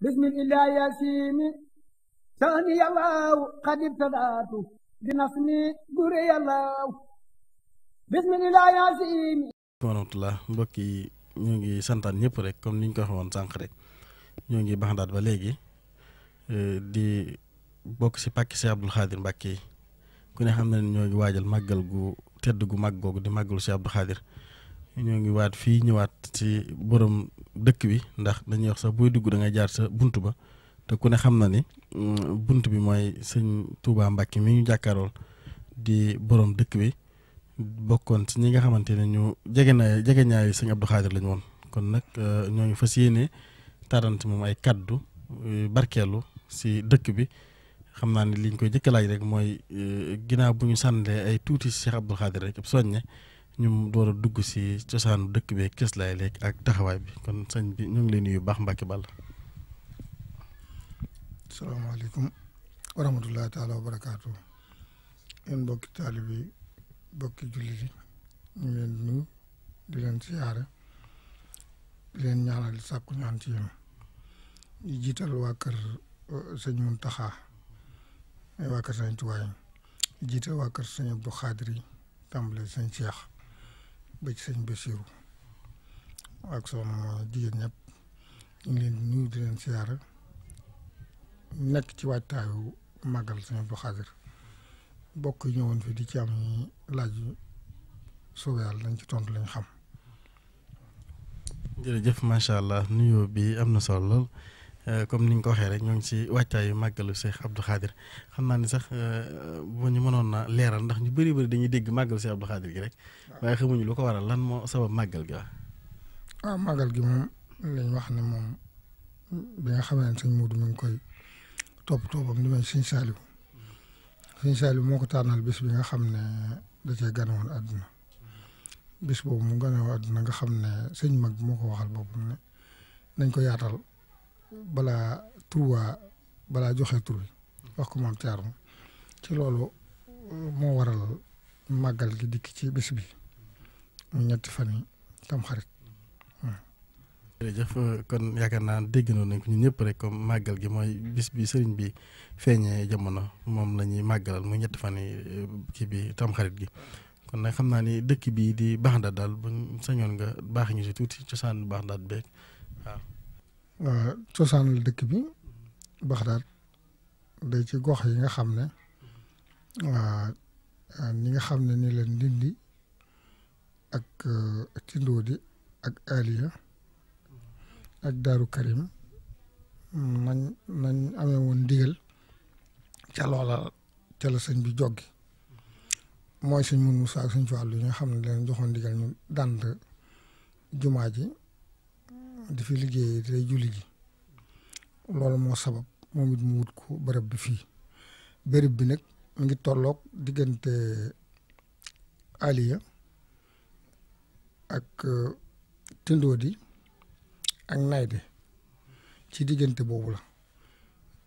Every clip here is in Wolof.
bismillah yasimi sani yallaahu qad ibtadaatu bi nasmi gure yallaahu bismillah yasimi warahmatullah mbokk yi ñoo ngi santaan ñëpp rek comme ni ñu ko waxoon sànq rek ñoo ngi baxandaat ba léegi e, di bokk si pàkki si Abdul Xaadir Mbàkke ku ne xam ne ñoo ngi waajal màggal gu tedd gu mag googu di màggalu si Abdul Xaadir ñoo ngi waat fii ñëwaat ci borom dëkk bi ndax dañuy wax sax booy dugg da ngay jaar sa bunt ba te ku ne xam na ni mm, bunt bi mooy sëñ Touba Mbacke mi ñu jàkkaarool di borom dëkk bi bokkoon ci ñi nga xamante ne ñu jege na jege ñaayu sëñ Abdou Khadir lañ woon kon nag euh, ñoo ngi fas yéene tarante moom ay kaddu euh, barkeelu si dëkk bi. xam naa ne liñ koy jëkkalaaj rek mooy euh, ginnaaw bu ñu sànnilee ay tuuti Cheikh Abdou Khadir rek ab soññe ñu door a dugg si cosaanu dëkk bi kes laay lekk ak taxawaay bi kon sëñ bi ñu ngi leen nuyu baax Mbàkke Bàll. salaamaaleykum wa rahmatullahi taala wa barakaatu. yéen mbokki taalibe yi mbokki jullit yi ñu ngi leen nuyu di leen siyaare di leen ñaanal di sàkku ñaan ci yéen jiital waa kër sëñ Muntaxa waa sëñ Tuwaay jiital waa kër sëñ Abdu Xaadir yi tàmbale sëñ Cheikh ba ci sëñ Bassirou ak soxna jigéen ñëpp ñu ngi leen di nuyu di leen siyaara nekk ci waajtaayu màggal sëñ Abdou Khadre bokk yi fi di ci am ñi laaj suuf yàlla dañ ci tontu lañ xam. jërëjëf macha allah nuyoo bi am na sol lool. comme niñ ko waxé rek ñoo ngi ci yu magalu Cheikh Abdou Khadir xamna ni sax bu ñu mënon na léral ndax ñu bëri bëri dañuy dégg magal Cheikh Abdou Khadir gi rek waye xamuñu lu ko waral lan mo sabab magal gi ah magal gi mom lañ wax ne mom bi nga xamee ne sëñ Moodu mi ngi koy top toppam li may sëñ Saliou sëñ Saliou moko tanal tànnal bis bi nga xamné da ci cee won aduna bis bobu mu won aduna nga xamné ne sëñ mag moko waxal bobu ne nañ ko yaatal. balaa turwaa balaa joxe tur bi wax ko moom Thierno ci loolu uh, moo waral màggal gi dikk ci bis bi mu ñetti fan yi tam xarit. Hmm. kon yaakaar naa dégg noonu nañ ñun ñëpp rek màggal gi mooy bis bi sëriñ bi feeñee jamono moom lañuy màggalal mu ñetti fan yi kii uh, bi tamxarit gi kon nag xam naa ni dëkk bii di baax Baxdaad daal buñ sañoon nga baax ñu si tuuti cosaan baax beeg waaw. cosaanal dëkk bi Baxdaad day ci gox yi nga xam ne ñi nga xam ne ni leen ndindi ak tindoodi ak aliya ak daaru karim nañ nañ amee woon ndigal ca loola ca la sëñ bi joggi mooy sëñ mun Musaa ak sëñ Fàllu yi nga xam ne leen joxoon ndigal ñu dànd jumaa ji di fi liggéey di julli ji loolu moo sabab moom it mu wut ko bërëb bi fii bërëb bi nag mu ngi tolloog diggante aliya ak euh, tindoodi ak nayde ci diggante boobu la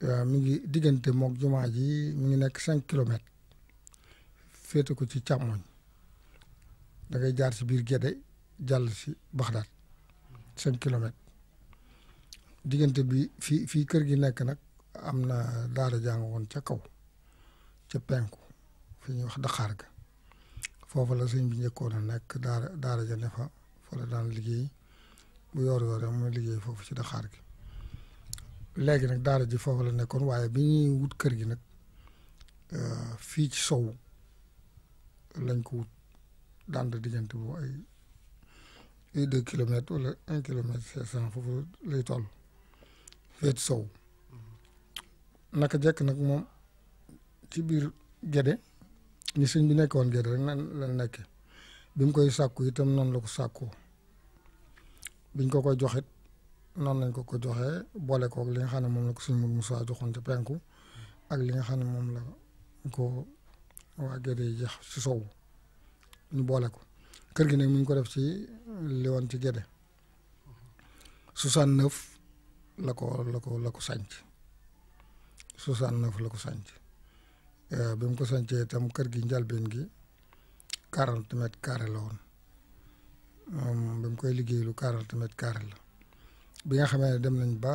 waaw ngi diggante mook jumaa ji mi ngi nekk cinq kilomètres féete ko ci càmmoñ da jaar si biir Gédé jàll si Baxdaad cinq kilomètres diggante bi fii fii kër gi nekk nag am na daara jàng woon ca kaw ca penku fi ñuy wax daxaar foofu la sëñ bi njëkkoon a nekk daara daara ja ne fa la daan liggéey bu yoor liggéey foofu ci daxaar gi léegi nag daara ji foofu la nekkoon waaye bi ñuy wut kër gi nag euh, fii ci sow lañ ko wut daan diggante bu ay deux kilomètres un kilomètre cinq cent foofu lay toll feet sow naka jekk nag moom ci biir Gédé ñi sëñ bi nekkoon Gédé rek nan la nekk bi mu koy sàkku itam noonu la ko sàkku biñ ko koy joxit noonu lañ ko ko joxee boole kook li nga ne moom la ko sëñ Mourou Moussa joxoon ci penku ak li nga xam ne moom la ko waa Gédé yi jeex ci sow ñu boole ko kër gi nag mi ngi ko def ci li woon ci Gédé 69 la ko la ko la ko sànc la ko sànc euh, bi mu ko sàncee itam kër gi njalbeen gi 40 mètres carré la woon bi mu koy liggéeylu 40 mètres carré la bi nga xamee ne dem nañ ba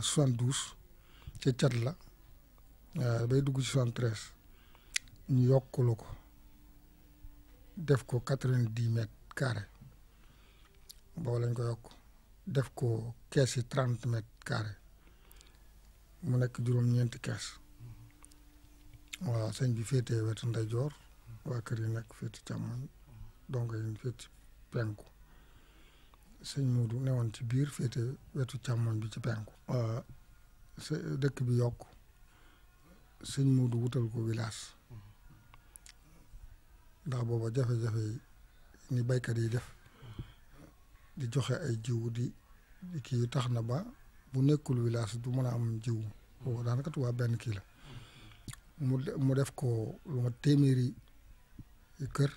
72 ci cat la euh, bay dugg ci 73 ñu yokkulu ko def ko quatre-vingt-dix mètres carrés boobu lañ ko yokk def ko kees yi trente mètres carrés mu nekk juróom-ñeenti kees waaw sëñ bi féete wetu ndeyjoor waa kër yi nekk féeti càmmoñ donc yi féeti penku sëñ Muudu newoon ci biir féete wetu càmmoñ bi ci penku dëkk bi yokk sëñ Muudu wutal ko wilaas ndax booba jafe-jafe yi ni baykat yi def di joxe ay jiw di kii tax na ba bu nekkul village du mën a am jiw booba daanaka Tuubaa benn kii la mu def ko lu ma téeméeri kër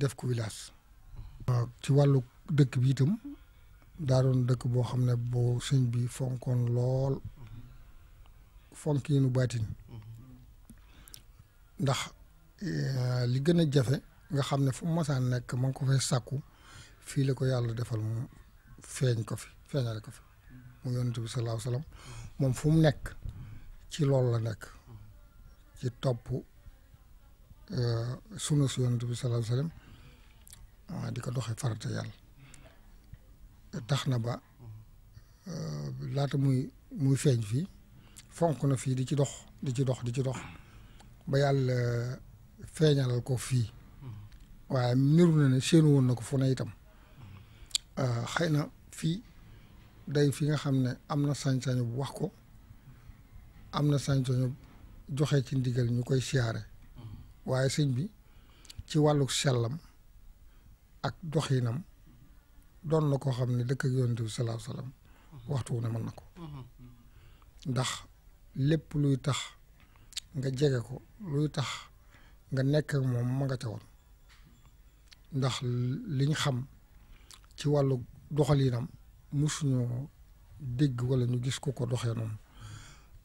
def ko village ci wàllu dëkk bi itam daa doon dëkk boo xam ne boo sëñ bi fonkoon lool fonkiinu baatin ndax li gën a jafe nga xam ne fu mu mosaan nekk ma ngi ko fay sàkku fii la ko yàlla defal mu feeñ ko fi feeñale ko fi mu yonent bi salaahu salaam moom fu mu nekk ci loolu la nekk ci topp sunu si yonent bi salaahu salaam di ko doxee farata yàlla tax na ba laata muy muy feeñ fii fonk na fii di ci dox di ci dox di ci dox ba yàlla. feeñalal ko fii waaye niru na ne séenu woon na ko fu ne itam ah, xëy na fii day fi nga xam ne am na sañ-sañu bu wax ko am na sañ-sañu joxe ci ndigal ñu koy siyaare waaye sëñ bi ci wàllu sellam ak doxinam doon na koo xam ne dëkk ak yonent bi salaahu salaam waxtu wu ne mën na ko ndax lépp luy tax nga jege ko luy tax nga nekk moom ma woon ndax liñ xam ci wàllu doxalinam musuñoo dégg wala ñu gis ko ko doxee noonu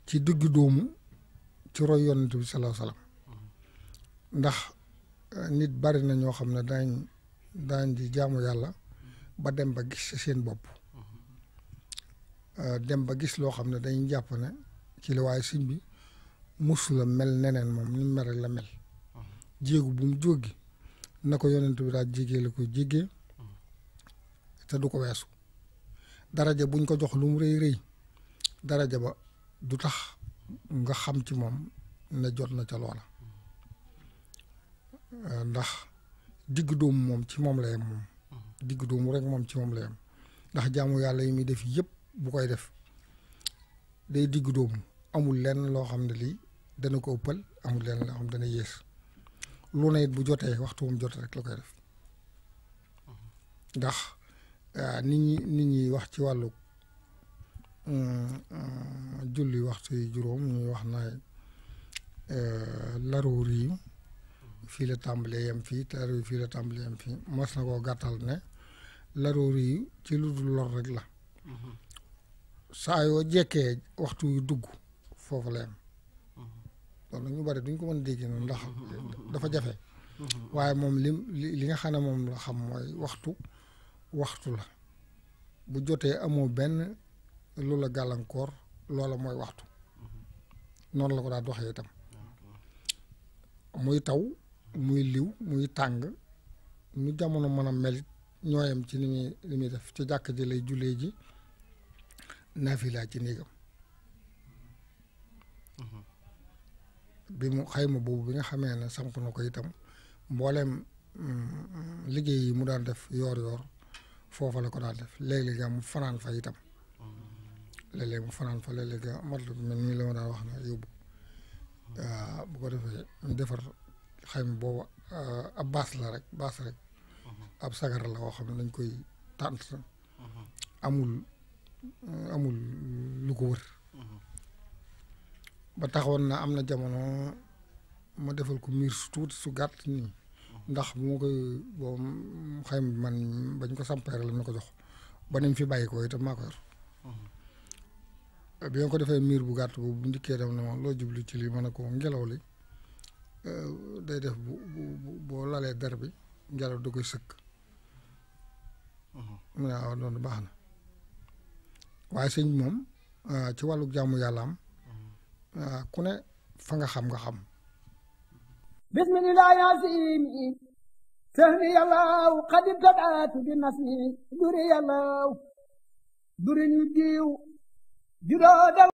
ci digg doomu ci roy yonent bi salaahu salaam ndax eh, nit bari na ñoo xam ne daañ daañ di jaamu yàlla ba dem ba gis seen bopp eh, dem ba gis loo xam ne dañ jàpp ne ci la waaye sëñ musu la mel neneen moom ni mu la mel jéegu bu mu jógi na ko yonent bi daal jégee la ko jégee te du ko weesu daraja buñ ko jox lu mu rëy rëy daraja ba du tax nga xam ci moom ne jot na ca loola ndax digg doomu moom ci moom la yem moom moom ci moom la ndax jaamu yàlla yi muy def yëpp bu koy def day digg doomu amul lenn loo xam ne lii dana ko ëppal amul lenn loo xam dana yées lu ne bu jotee waxtu wum jot rek la koy def ndax euh, nit ñi nit ñi wax ci wàllu euh, julli waxtu yi juróom ñuy wax na euh, laruur yi fii la tàmbalee yem fii laruur yi fii la tàmbalee yem fii mos na koo gàttal ne laruur yi ci lu dul lor rek la mm-hmm. saa yoo jekkee waxtu yu dugg foofu la yem kon nag ñu bari duñ ko mën a déggee noonu ndax mm-hmm. Mm-hmm. dafa jafe mm-hmm. waaye moom lim li li nga xam ne moom la xam mooy waxtu waxtu la bu jotee amoo benn lu la gàllankoor loola mooy waxtu noonu la ko daa doxee itam muy taw muy liw muy tàng ñu jamono mën a melit ñooyam ci ni muy li muy def ci jàkk ji lay jullee ji naafila ci néegam bi mu xayma boobu bi nga xamee ne samp na ko itam mbooleem mm, liggéey yi mu daan def yoor-yoor foofa la ko daan def léeg-léeg mu fanaan fa itam léeg-léeg mu fanaan fa léeg-léeg matlab mel nii la ma daan wax na yóbbu ah, bu ko defee ñu defar xayma boobu ah, ab baas la rek baas rek ab sagar la woo xam ne dañ koy tànt amul amul lu ko wër ba taxoon na am na jamono ma defal ko miir su tuuti su gàtt nii ndax moo koy boo xayma man bañ ko sampere la ma ko jox ba nañ fi bàyyi ko itam maa ko yor bi ko defee miir bu gàtt bu ndikkee dem na ma loo jublu ci li ma ne ko ngelaw li euh, day def bu bu boo lalee der bi ngelaw da koy sëkk. mu ne waaw loolu baax na waaye sëñ moom euh, ci wàllu jaamu yàlla ku ne fa nga xam nga xam bismillah yaasimi sehni yàllaw xad ibtadaatu bi nafsi duri yàllaw duri ñu diiw judoo